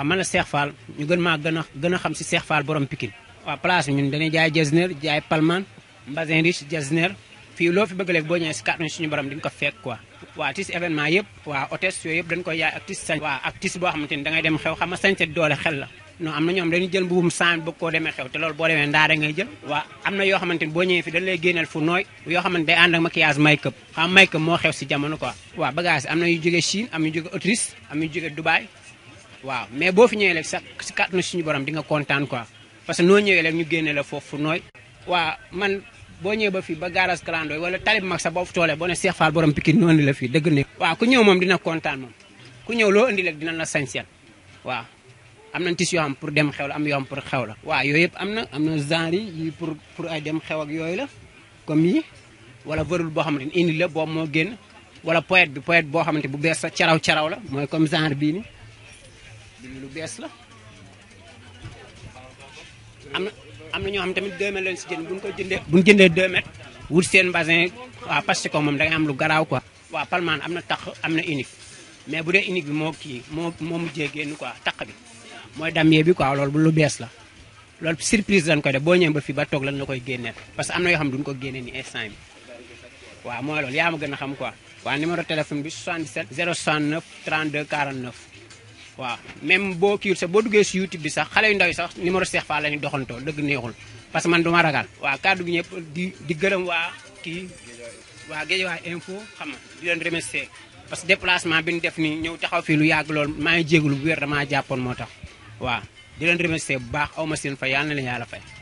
waaw man la Cheikh ñu gën maa gën a xam si Cheikh Fall borom Pikine waaw place ñun dañuy jaay jasner jaay palman mbasin riche jasner fii loo fi bëgg léegi boo ñëwee si kàttanu suñu borom di nga ko fekk quoi waaw yëpp waaw hôtesse yooyu yëpp dañ koy yaay ak tis sañ waaw ak tis boo xamante ni dem xew xam nga sañte doole xel la non am na ñoom dañuy jël mbuum saan bëgg koo demee xew te loolu boo demee ndaare ngay jël waaw am na yoo xamante waaw mais boo fi ñëwee rek sax si na suñu borom di nga kontaan quoi parce que noo ñëwee rek ñu génne la foofu nooy. waaw man boo ñëwee ba fii ba garage Kalandooy wala talib mag sa boobu toolee boo ne Cheikh Fall borom Pikine noonu la fii dëgg ne. waaw ku ñëw moom dina kontaan moom ku ñëw loo indi rek dina la sañseel waaw am na tis yoo xam pour dem xew la am yoo pour xew la. waaw yooyu yëpp am na am na genre yi pour pour ay dem xew ak yooyu la comme yi wala vërul boo xamante ni indi la boobu moo génn wala poète bi poète boo xamante bu bees sa caraw caraw la mooy comme genre bii ni lu bees la am na am na ñoo xam tamit 2 mètres leen si bu buñ ko jëndee buñ jëndee 2 mètres wut seen basin waaw parce que moom da am lu garaaw quoi waaw palmaan am na taq am na unique mais bu dee unique bi moo kii moo moo mujjee génn quoi taq bi mooy damier bi quoi loolu lu bees la loolu surprise lañ koy def boo ñëwee ba fii ba toog lan la koy génneel parce que am na yoo xam duñ ko génnee ni instant bi waaw mooy loolu yaa ma gën a xam quoi waaw numéro téléphone bi 77 waaw même boo kiir sax boo duggee si YouTube bi sax xale yu ndaw yi sax numéro Cheikh Fall la ñu doxantoo dëgg neexul parce que man duma ragal waaw kàddu gi ñëpp di di gërëm waa kii waa Guédiawaye info xam nga di leen remercier parce que déplacement bi ñu def nii ñëw taxaw fii lu yàgg lool maa ngi jégalu bu wér damaa jàppoon moo tax waaw di leen remercier bu baax aw ma seen fay yàlla na leen yàlla fay